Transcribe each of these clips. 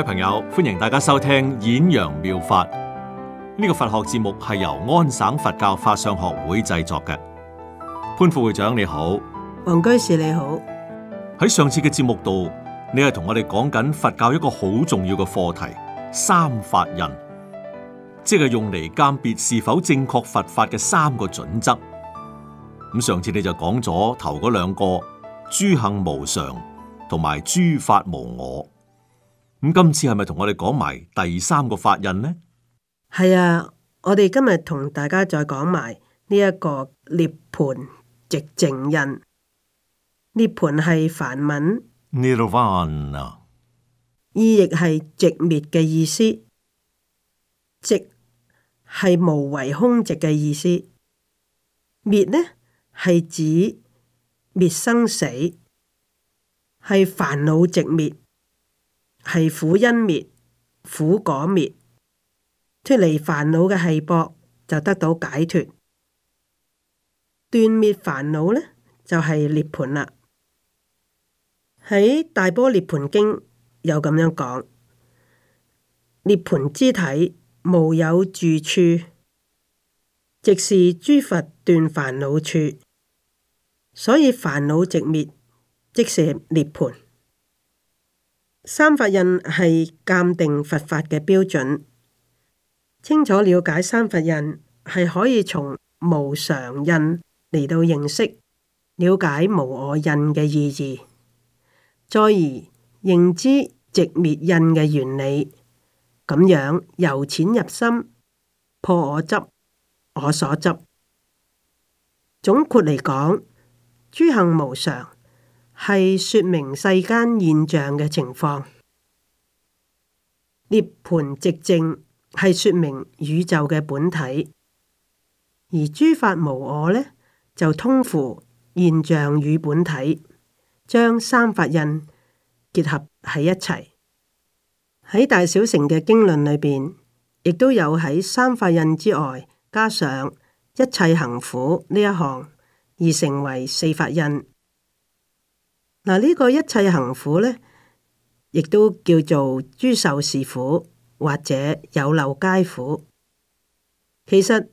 各位朋友，歡迎大家收聽《演揚妙，妙法》呢、呢個佛學節目，係由安省佛教法相學會製作嘅。潘副會長你好，黃居士你好。喺上次嘅節目度，你係同我哋講緊佛教一個好重要嘅課題——三法印，即係用嚟鑒別是否正確佛法嘅三個準則。咁上次你就講咗頭嗰兩個：諸行無常同埋諸法無我。咁今次係咪同我哋講埋第三個法印呢？係啊，我哋今日同大家再講埋呢一個涅槃寂淨印。涅槃係梵文，Nirvana，意亦係寂滅嘅意思。寂係無為空寂嘅意思，滅呢係指滅生死，係煩惱寂滅。係苦因滅，苦果滅，脫離煩惱嘅繫縛就得到解脫，斷滅煩惱呢，就係、是、涅槃啦。喺《大波涅槃經》有咁樣講：涅槃之體無有住處，即是諸佛斷煩惱處。所以煩惱直滅，即是涅槃。三法印係鑒定佛法嘅標準，清楚了解三法印係可以從無常印嚟到認識了解無我印嘅意義，再而認知寂滅印嘅原理，咁樣由淺入深破我執我所執。總括嚟講，諸行無常。係說明世間現象嘅情況，涅槃寂淨係說明宇宙嘅本體，而諸法無我呢，就通乎現象與本體，將三法印結合喺一齊。喺大小乘嘅經論裏邊，亦都有喺三法印之外加上一切行苦呢一項，而成為四法印。嗱，呢個一切行苦咧，亦都叫做諸受是苦，或者有漏皆苦。其實、這個、諸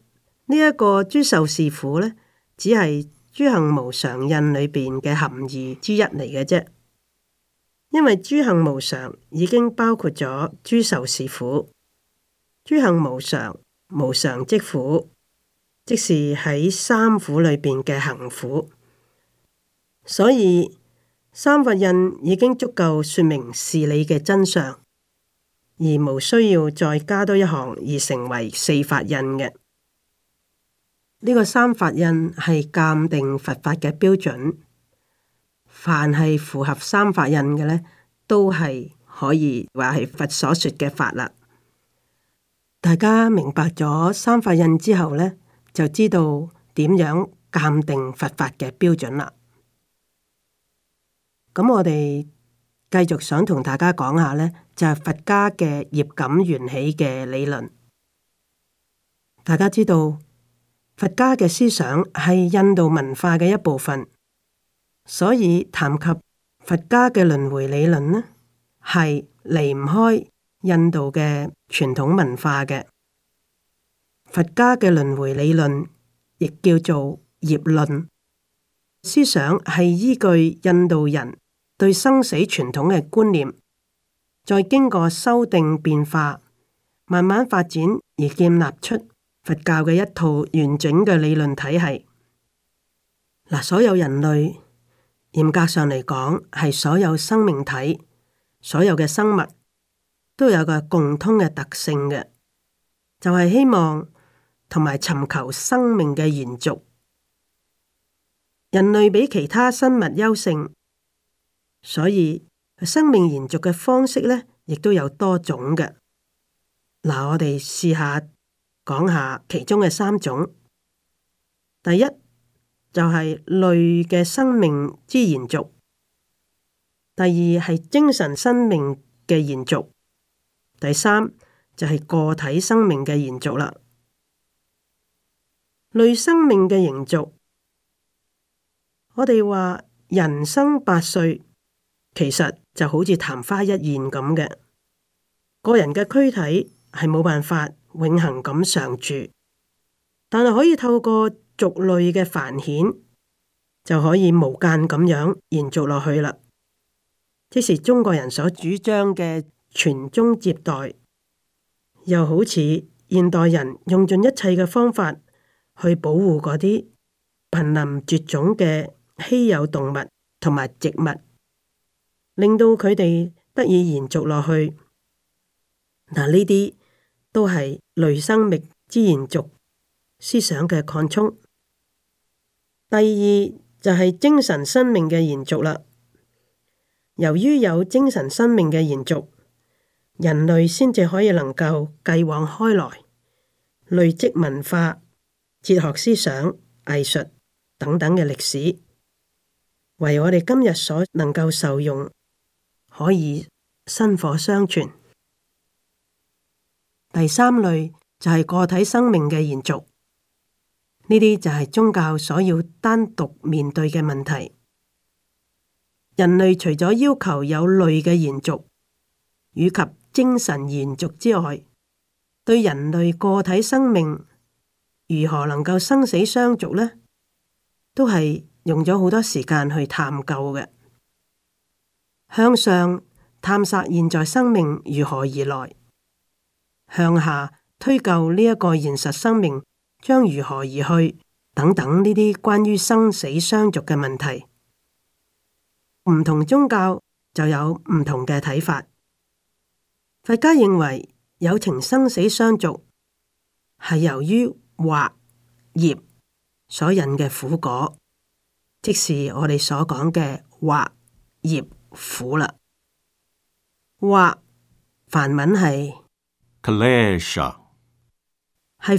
呢一個諸受是苦咧，只係諸行無常印裏邊嘅含義之一嚟嘅啫。因為諸行無常已經包括咗諸受是苦，諸行無常，無常即苦，即是喺三苦裏邊嘅行苦，所以。三法印已經足夠說明事理嘅真相，而無需要再加多一行而成為四法印嘅。呢個三法印係鑑定佛法嘅標準，凡係符合三法印嘅呢，都係可以話係佛所說嘅法啦。大家明白咗三法印之後呢，就知道點樣鑑定佛法嘅標準啦。咁我哋繼續想同大家講下呢就係、是、佛家嘅業感緣起嘅理論。大家知道，佛家嘅思想係印度文化嘅一部分，所以談及佛家嘅輪迴理論呢係離唔開印度嘅傳統文化嘅。佛家嘅輪迴理論亦叫做業論思想，係依據印度人。對生死傳統嘅觀念，再經過修訂、變化、慢慢發展而建立出佛教嘅一套完整嘅理論體系。嗱，所有人類嚴格上嚟講，係所有生命體，所有嘅生物都有個共通嘅特性嘅，就係希望同埋尋求生命嘅延續。人類比其他生物優勝。所以生命延續嘅方式咧，亦都有多種嘅。嗱，我哋試下講下其中嘅三種。第一就係、是、類嘅生命之延續；第二係精神生命嘅延續；第三就係、是、個體生命嘅延續啦。類生命嘅延續，我哋話人生百歲。其實就好似曇花一現咁嘅，個人嘅軀體係冇辦法永恒咁常住，但係可以透過族類嘅繁衍就可以無間咁樣延續落去啦。即是中國人所主張嘅傳宗接代，又好似現代人用盡一切嘅方法去保護嗰啲瀕臨絕種嘅稀有動物同埋植物。令到佢哋得以延續落去，嗱，呢啲都係類生命之延續思想嘅擴充。第二就係精神生命嘅延續啦。由於有精神生命嘅延續，人類先至可以能夠繼往開來，累積文化、哲學思想、藝術等等嘅歷史，為我哋今日所能夠受用。可以薪火相傳。第三類就係個體生命嘅延續，呢啲就係宗教所要單獨面對嘅問題。人類除咗要求有類嘅延續以及精神延續之外，對人類個體生命如何能夠生死相續呢？都係用咗好多時間去探究嘅。向上探索現在生命如何而來，向下推究呢一個現實生命將如何而去，等等呢啲關於生死相續嘅問題，唔同宗教就有唔同嘅睇法。佛家認為有情生死相續係由於惑業所引嘅苦果，即是我哋所講嘅惑業。苦啦，或梵文係，係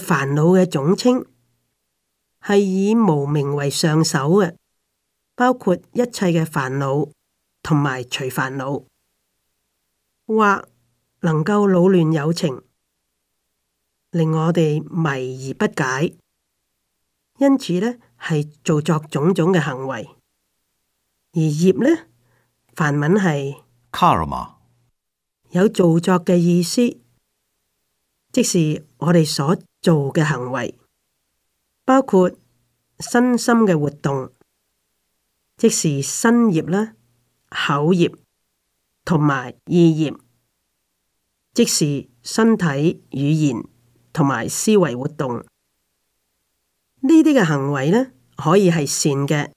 煩惱嘅總稱，係以無明為上首嘅，包括一切嘅煩惱同埋除煩惱，惑能夠擾亂有情，令我哋迷而不解，因此呢，係造作種種嘅行為，而業呢。梵文係 karma，有造作嘅意思，即是我哋所做嘅行為，包括身心嘅活動，即是身業啦、口業同埋意業，即是身體、語言同埋思維活動。呢啲嘅行為咧，可以係善嘅，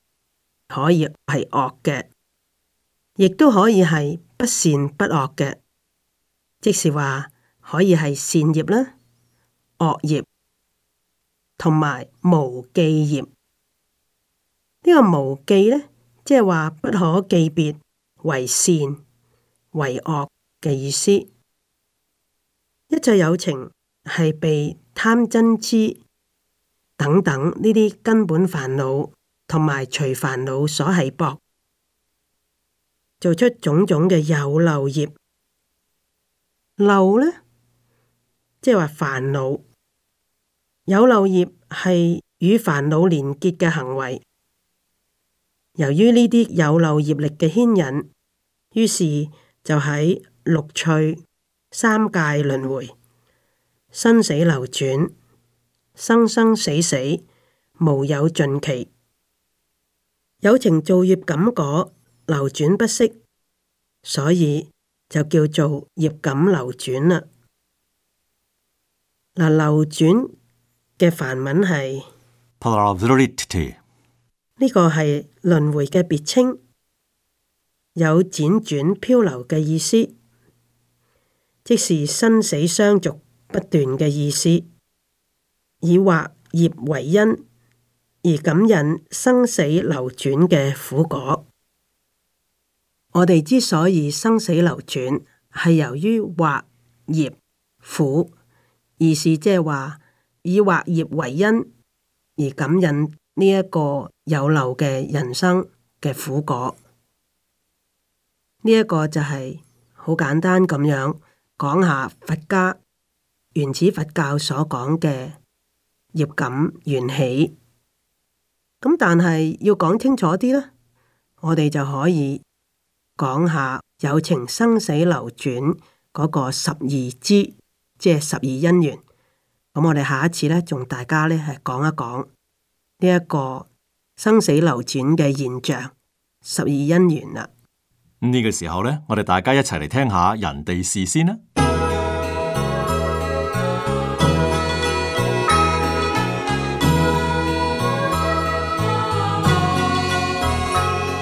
可以係惡嘅。亦都可以係不善不惡嘅，即是話可以係善業啦、惡業同埋無記業。呢、這個無記咧，即係話不可記別為善為惡嘅意思。一切有情係被貪嗔痴、嗔、痴等等呢啲根本煩惱同埋隨煩惱所係縛。做出種種嘅有漏業，漏呢，即係話煩惱。有漏業係與煩惱連結嘅行為。由於呢啲有漏業力嘅牽引，於是就喺六趣、三界輪迴，生死流轉、生生死死，無有盡期。有情造業感果。流轉不息，所以就叫做業感流轉啦。嗱，流轉嘅梵文係，呢個係輪迴嘅別稱，有輾轉漂流嘅意思，即是生死相續不斷嘅意思，以惑業為因，而感引生死流轉嘅苦果。我哋之所以生死流轉，係由於惑業苦，意思即係話以惑業為因，而感染呢一個有漏嘅人生嘅苦果。呢、這、一個就係好簡單咁樣講下佛家原始佛教所講嘅業感緣起。咁但係要講清楚啲啦，我哋就可以。講下有情生死流轉嗰個十二支，即係十二因緣。咁我哋下一次呢，仲大家呢係講一講呢一個生死流轉嘅現象，十二因緣啦。呢個時候呢，我哋大家一齊嚟聽下人哋事先啦。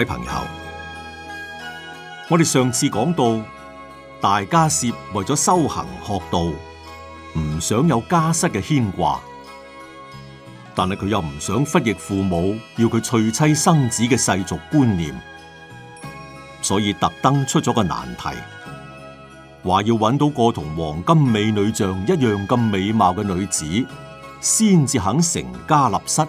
位朋友，我哋上次講到，大迦葉為咗修行學道，唔想有家室嘅牽掛，但係佢又唔想忤逆父母要佢娶妻生子嘅世俗觀念，所以特登出咗個難題，話要搵到個同黃金美女像一樣咁美貌嘅女子，先至肯成家立室。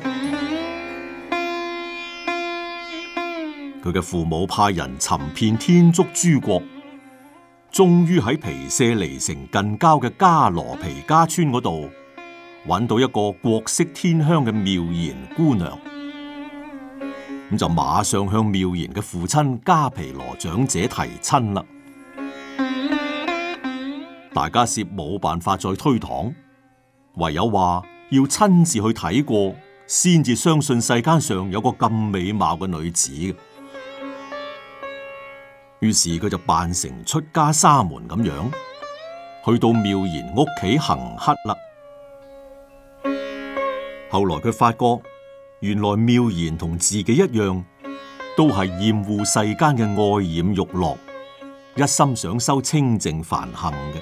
佢嘅父母派人尋遍天竺諸國，終於喺皮舍離城近郊嘅迦羅皮家村嗰度揾到一個國色天香嘅妙賢姑娘。咁就馬上向妙賢嘅父親迦毘羅長者提親啦。大迦葉冇辦法再推搪，唯有話要親自去睇過，先至相信世間上有個咁美貌嘅女子。於是佢就扮成出家沙門咁樣，去到妙賢屋企行乞啦。後來佢發覺，原來妙賢同自己一樣，都係厭惡世間嘅愛染欲樂，一心想修清靜梵行嘅。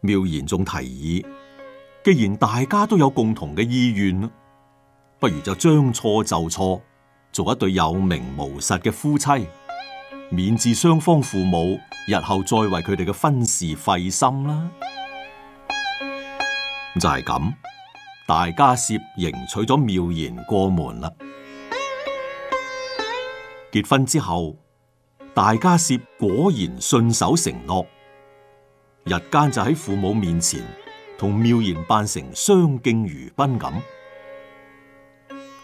妙賢仲提議，既然大家都有共同嘅意願，不如就將錯就錯，做一對有名無實嘅夫妻。免治雙方父母日後再為佢哋嘅婚事費心啦。就係咁，大迦葉迎娶咗妙賢過門啦。結婚之後，大迦葉果然信守承諾，日間就喺父母面前同妙賢扮成相敬如賓咁。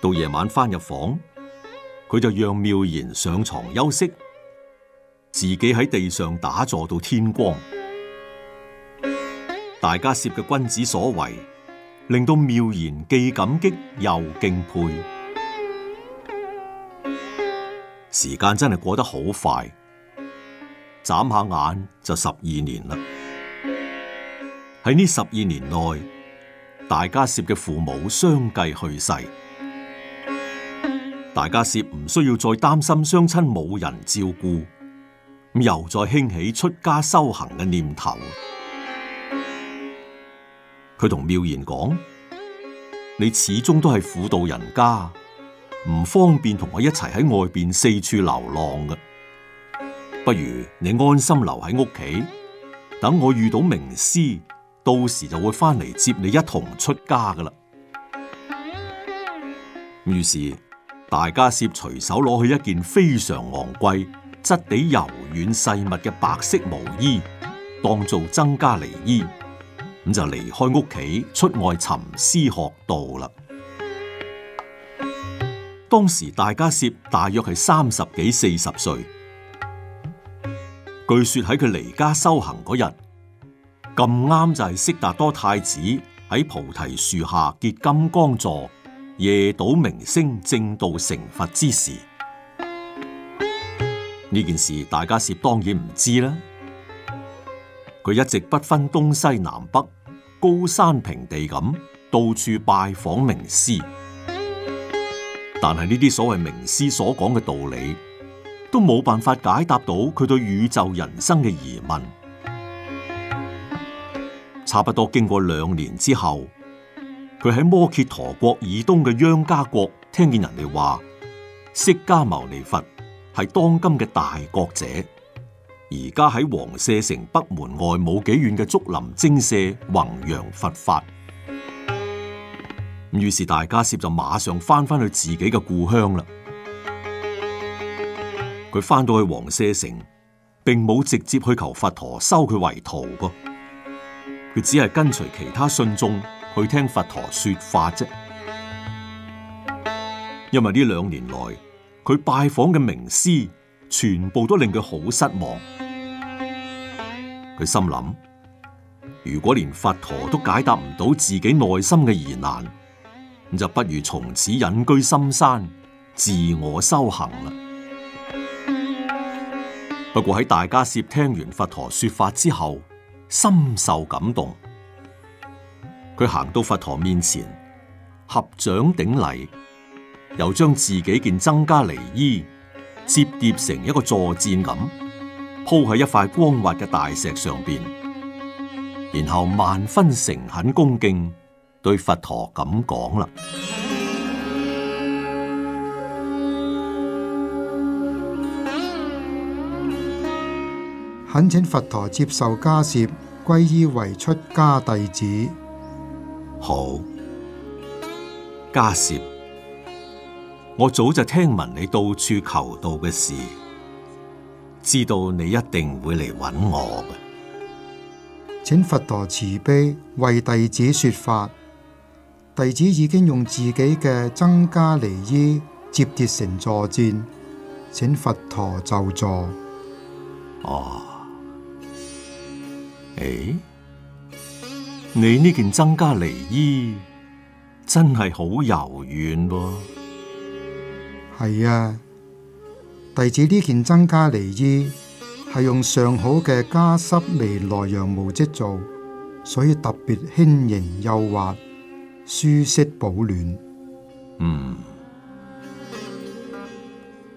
到夜晚返入房，佢就讓妙賢上床休息。自己喺地上打坐到天光，大迦葉嘅君子所為，令到妙言既感激，又敬佩。時間真係過得好快，眨下眼就十二年啦。喺呢十二年內，大迦葉嘅父母相繼去世，大迦葉唔需要再擔心雙親冇人照顧。咁又再興起出家修行嘅念頭，佢同妙賢講：你始終都係婦道人家，唔方便同我一齊喺外邊四處流浪嘅，不如你安心留喺屋企，等我遇到名師，到時就會翻嚟接你一同出家噶啦。於是大迦葉隨手攞去一件非常昂貴。質地柔軟細密嘅白色毛衣，當做增加離衣，咁就離開屋企出外尋師學道啦。當時大迦葉大約係三十幾四十歲，據說喺佢離家修行嗰日，咁啱就係悉達多太子喺菩提樹下結金剛座，夜睹明星正道成佛之時。呢件事大家是當然唔知啦。佢一直不分東西南北，高山平地咁，到處拜訪名師。但係呢啲所謂名師所講嘅道理，都冇辦法解答到佢對宇宙人生嘅疑問。差不多經過兩年之後，佢喺摩羯陀國以東嘅央家國，聽見人哋話釋迦牟尼佛，係當今嘅大國者，而家喺王舍城北門外冇幾遠嘅竹林精舍弘揚佛法。咁於是大迦葉就馬上翻返去自己嘅故鄉啦。佢翻到去王舍城，並冇直接去求佛陀收佢為徒噃，佢只係跟隨其他信眾去聽佛陀說法啫。因為呢兩年來，佢拜訪嘅名師，全部都令佢好失望。佢心諗，如果連佛陀都解答唔到自己內心嘅疑難，咁就不如從此隱居深山，自我修行啦。不過喺大家攝聽完佛陀說法之後，深受感動。佢行到佛陀面前，合掌頂禮。又將自己件僧伽梨衣摺疊成一個坐墊咁，鋪喺一塊光滑嘅大石上邊，然後萬分誠懇恭敬對佛陀咁講啦，懇請佛陀接受迦葉，皈依為出家弟子。好，迦葉。我早就聽聞你到處求道嘅事，知道你一定會嚟揾我嘅。請佛陀慈悲為弟子說法，弟子已經用自己嘅僧伽梨衣折疊成坐墊，請佛陀就坐。哦，誒、哎，你呢件僧伽梨衣真係好柔軟噃、哦。係啊，弟子呢件僧伽梨衣係用上好嘅加濕尼萊羊毛織做，所以特別輕盈幼滑，舒適保暖。嗯，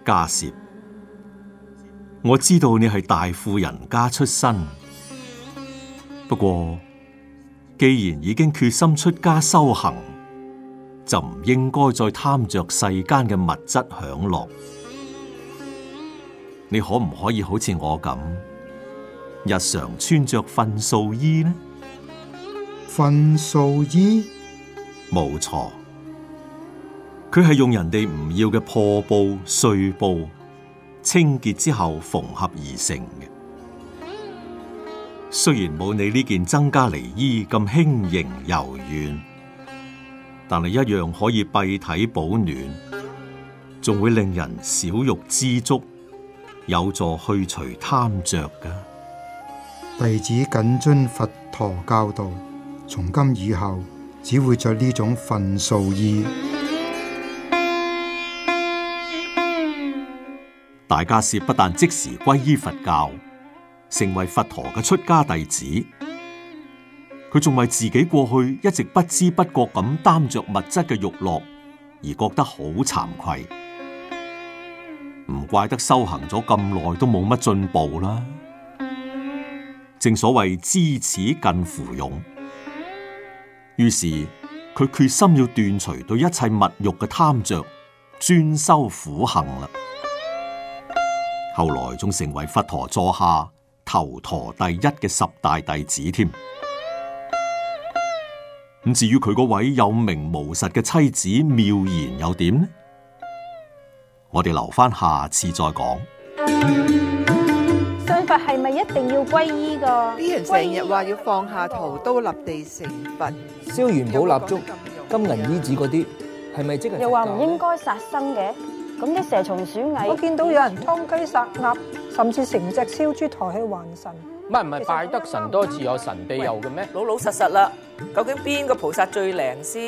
迦葉，我知道你係大富人家出身，不過既然已經決心出家修行。就唔應該再貪着世間嘅物質享樂。你可唔可以好似我咁，日常穿着糞掃衣呢？糞掃衣？冇錯。佢係用人哋唔要嘅破布、碎布清潔之後縫合而成嘅。雖然冇你呢件增加尼衣咁輕盈柔軟，但係一樣可以蔽體保暖，仲會令人少欲知足，有助去除貪着嘅。弟子謹遵佛陀教導，從今以後只會着呢種糞掃衣。大迦葉不但即時皈依佛教，成為佛陀嘅出家弟子，佢仲為自己過去一直不知不覺咁擔着物質嘅欲樂，而覺得好慚愧，唔怪得修行咗咁耐都冇乜進步啦。正所謂知恥近乎勇，於是佢決心要斷除對一切物欲嘅貪着，專修苦行啦。後來仲成為佛陀座下頭陀第一嘅十大弟子添。咁至於佢嗰位有名無實嘅妻子妙言又點呢？我哋留翻下,下次再講。信佛係咪一定要皈依噶？啲人成日話要放下屠刀立地成佛，燒元寶蠟燭、金銀衣紙嗰啲，係咪、嗯、即係？又話唔應該殺生嘅，咁啲蛇蟲鼠蟻，我見到有人劏雞殺鴨，甚至成隻燒豬台去還神。唔係唔係，拜得神多自有神庇佑嘅咩？老老實實啦。究竟邊個菩薩最靈先？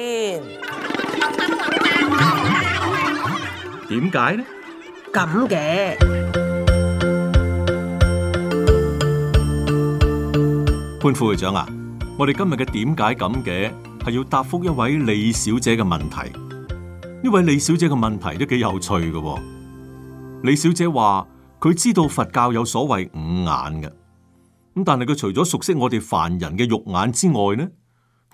點解呢？咁嘅潘副會長啊，我哋今日嘅，點解咁嘅係要答覆一位李小姐嘅問題。呢位李小姐嘅問題都幾有趣嘅。李小姐話佢知道佛教有所謂五眼嘅，咁但係佢除咗熟悉我哋凡人嘅肉眼之外呢？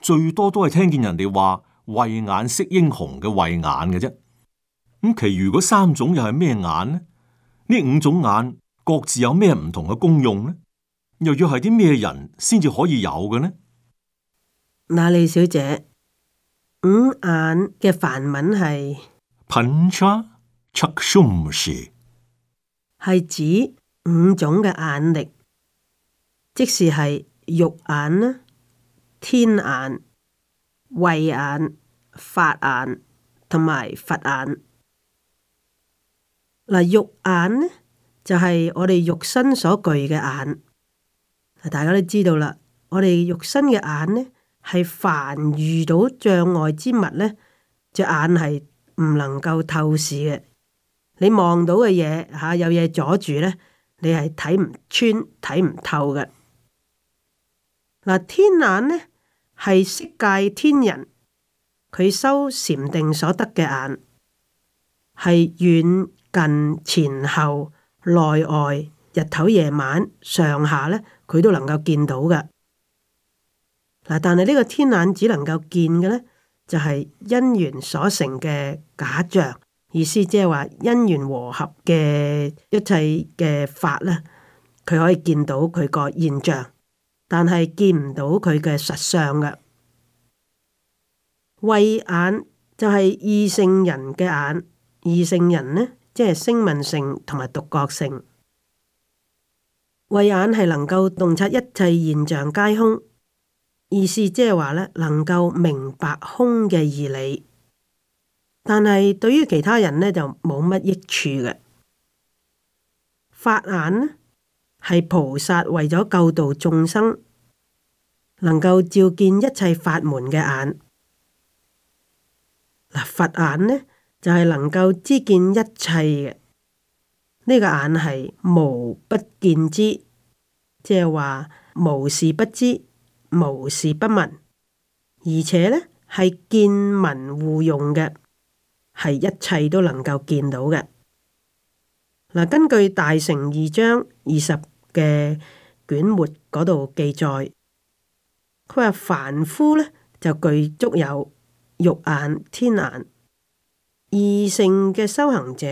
最多都係聽見人哋話慧眼識英雄嘅慧眼嘅啫。咁、嗯、其餘嗰三種又係咩眼呢？呢五種眼各自有咩唔同嘅功用呢？又要係啲咩人先至可以有嘅呢？那李小姐，五眼嘅梵文係 p a n t r a cha chakshus，、um、係指五種嘅眼力，即是係肉眼啦。天眼、慧眼、法眼同埋佛眼，嗱，肉眼呢，就係我哋肉身所具嘅眼。大家都知道啦，我哋肉身嘅眼呢，係凡遇到障礙之物呢，隻眼係唔能夠透視嘅。你望到嘅嘢吓，有嘢阻住呢，你係睇唔穿、睇唔透嘅。嗱，天眼呢？係色界天人，佢修禪定所得嘅眼，係遠近前後內外、日頭夜晚上下呢，佢都能夠見到㗎。嗱，但係呢個天眼只能夠見嘅呢，就係因緣所成嘅假象，意思即係話因緣和合嘅一切嘅法呢，佢可以見到佢個現象。但係見唔到佢嘅實相嘅。慧眼就係二乘人嘅眼，二乘人呢即係聲聞乘同埋獨覺乘。慧眼係能夠洞察一切現象皆空，意思即係話呢能夠明白空嘅義理，但係對於其他人呢就冇乜益處嘅。法眼呢？係菩薩為咗救度眾生，能夠照見一切法門嘅眼，嗱，佛眼呢就係、是、能夠知見一切嘅，呢、這個眼係無不見知，即係話無事不知，無事不聞，而且呢係見聞互用嘅，係一切都能夠見到嘅。嗱，根據大乘二章二十。嘅卷末嗰度記載，佢話凡夫咧就具足有肉眼、天眼，異性嘅修行者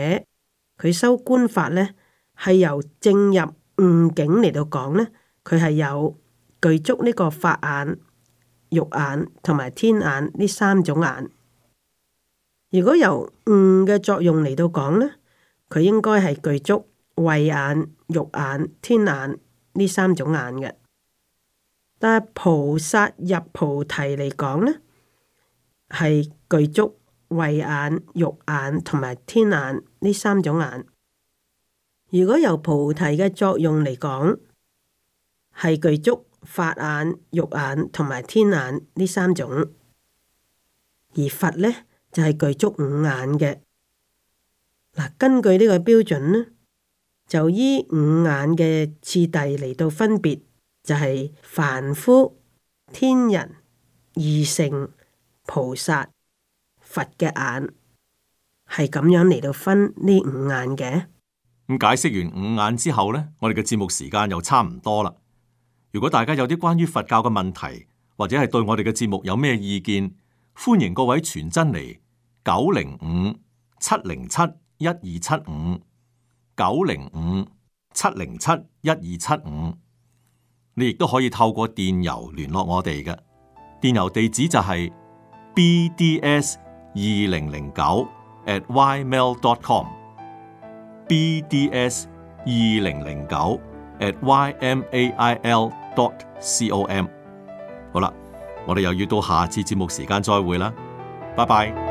佢修觀法咧係由正入悟境嚟到講咧，佢係有具足呢個法眼、肉眼同埋天眼呢三種眼。如果由悟嘅作用嚟到講咧，佢應該係具足。慧眼、肉眼、天眼呢三種眼嘅。但菩薩入菩提嚟講呢，係具足慧眼、肉眼同埋天眼呢三種眼。如果由菩提嘅作用嚟講，係具足法眼、肉眼同埋天眼呢三種，而佛呢，就係具足五眼嘅。嗱，根據呢個標準咧。就依五眼嘅次第嚟到分別，就係、是、凡夫、天人、二乘、菩薩、佛嘅眼，係咁樣嚟到分呢五眼嘅。咁解釋完五眼之後呢，我哋嘅節目時間又差唔多啦。如果大家有啲關於佛教嘅問題，或者係對我哋嘅節目有咩意見，歡迎各位傳真嚟，九零五七零七一二七五。九零五七零七一二七五，你亦都可以透過電郵聯絡我哋嘅，電郵地址就係 bds 二零零九 at ymail.com，bds 二零零九 at ymail.com。好啦，我哋又要到下次節目時間再會啦，拜拜。